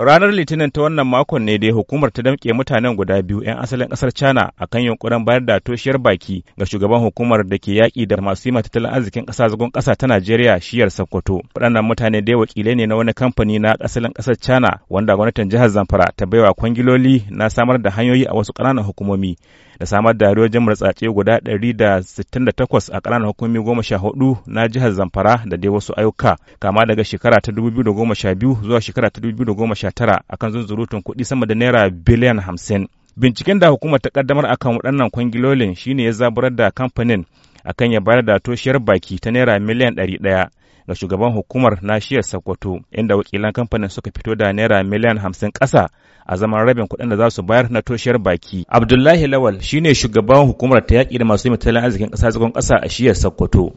Ranar Litinin ta wannan makon ne dai hukumar ta damƙe mutanen guda biyu 'yan asalin ƙasar China a kan yunkurin bayar da toshiyar baki ga shugaban hukumar da ke yaƙi da masu yi tattalin arzikin ƙasa zagon ƙasa ta Najeriya shiyar Sokoto. Waɗannan mutane dai wakilai ne na wani kamfani na asalin ƙasar China wanda gwamnatin jihar Zamfara ta baiwa kwangiloli na samar da hanyoyi a wasu ƙananan hukumomi. da samar da rojin murtsatse guda 168 a kananan hukumi 14 na jihar Zamfara da dai wasu ayyuka kama daga shekara ta 2012 zuwa shekara ta 2019 akan zunzurutun kuɗi sama da naira biliyan 50. Binciken da hukumar ta kaddamar akan waɗannan kwangilolin shine ya zaburar da kamfanin akan ya bayar da toshiyar baki ta naira miliyan ɗari ɗaya ga shugaban hukumar nashiyar Sokoto inda wakilan kamfanin suka fito da naira miliyan hamsin kasa a zaman rabin kuɗin da za su bayar na toshiyar baki. Abdullahi Lawal shi ne shugaban hukumar ta yaƙi da masu mutalin arzikin ƙasa zagon ƙasa a shiyar Sokoto.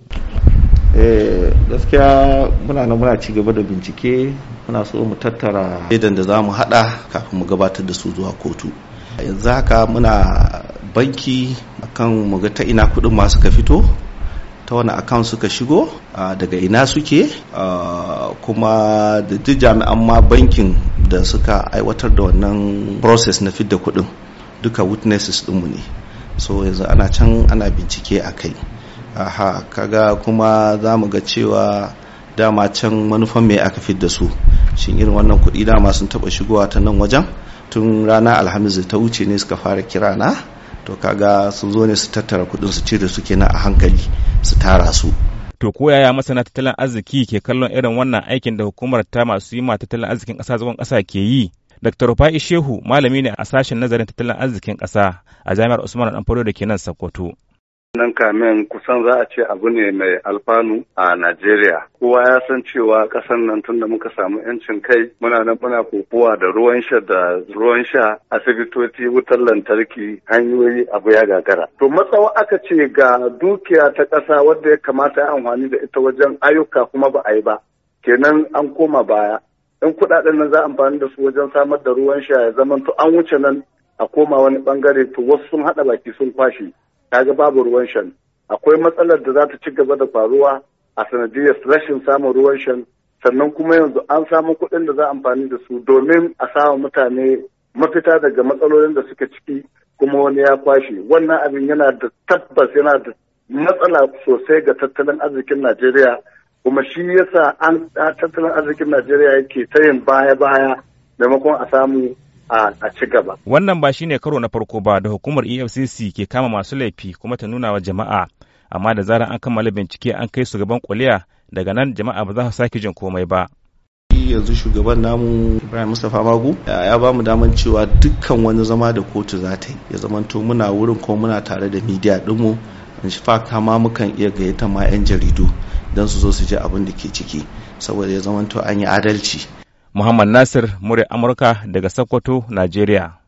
Eh, gaskiya muna nan muna ci gaba da bincike muna so mu tattara idan da za mu haɗa kafin mu gabatar da su zuwa kotu yanzu haka muna banki akan mu ga ta ina kuɗin masu ka fito ta wani account suka shigo daga ina suke kuma da duk jami'an ma bankin da suka aiwatar da wannan process na fidda kuɗin duka witnesses mu ne so yanzu ana can ana bincike a kai aha kaga kuma za mu ga cewa dama can manufan mai aka fidda su shin irin wannan kuɗi dama sun taɓa shigowa ta nan wajen tun rana alhamis ta wuce ne suka fara kirana to kaga sun zo ne su tattara kudin su cire suke kenan a hankali su tara su to ko yaya masana tattalin arziki ke kallon irin wannan aikin da hukumar ta masu yi ma tattalin arzikin ƙasa zagon kasa ke yi Dr. fa'i Shehu malami ne a sashen nazarin tattalin arzikin ƙasa a Jami'ar Usman Danfodiyo da ke nan Sokoto. wannan kamen kusan za a ce abu ne mai alfanu a Najeriya. Kowa ya san cewa kasar nan tun da muka samu 'yancin kai muna nan muna kokowa da ruwan sha da ruwan sha asibitoci wutar lantarki hanyoyi abu ya gagara. To matsawa aka ce ga dukiya ta ƙasa wadda ya kamata ya amfani da ita wajen ayyuka kuma ba a yi ba. Kenan an koma baya. In kuɗaɗen nan za a amfani da su wajen samar da ruwan sha ya zamanto an wuce nan a koma wani bangare to wasu sun haɗa baki sun kwashe kaga babu ruwan shan akwai matsalar da za ta ci gaba da faruwa a sanadiyar rashin samun ruwan shan sannan kuma yanzu an samu kuɗin da za amfani da su domin a samu mutane mafita daga matsalolin da suka ciki kuma wani ya kwashe wannan abin yana da tabbas yana da matsala sosai ga tattalin arzikin najeriya kuma shi yasa an tattalin arzikin najeriya yake ta yin baya-baya maimakon a samu a ci gaba. Wannan ba shi ne karo na farko ba da hukumar EFCC ke kama masu laifi kuma ta nuna wa jama'a amma da zarar an kammala bincike an kai su gaban kuliya daga nan jama'a ba za su sake jin komai ba. yanzu shugaban namu ibrahim mustapha magu ya ba mu daman cewa dukkan wani zama da kotu za ta yi ya zamanto muna wurin ko muna tare da midiya dinmu in shi fa ma mukan iya gayyata ma 'yan jaridu don su zo su ji abin da ke ciki saboda ya zamanto an yi adalci Muhammad Nasir, murya Amurka daga Sokoto, Najeriya.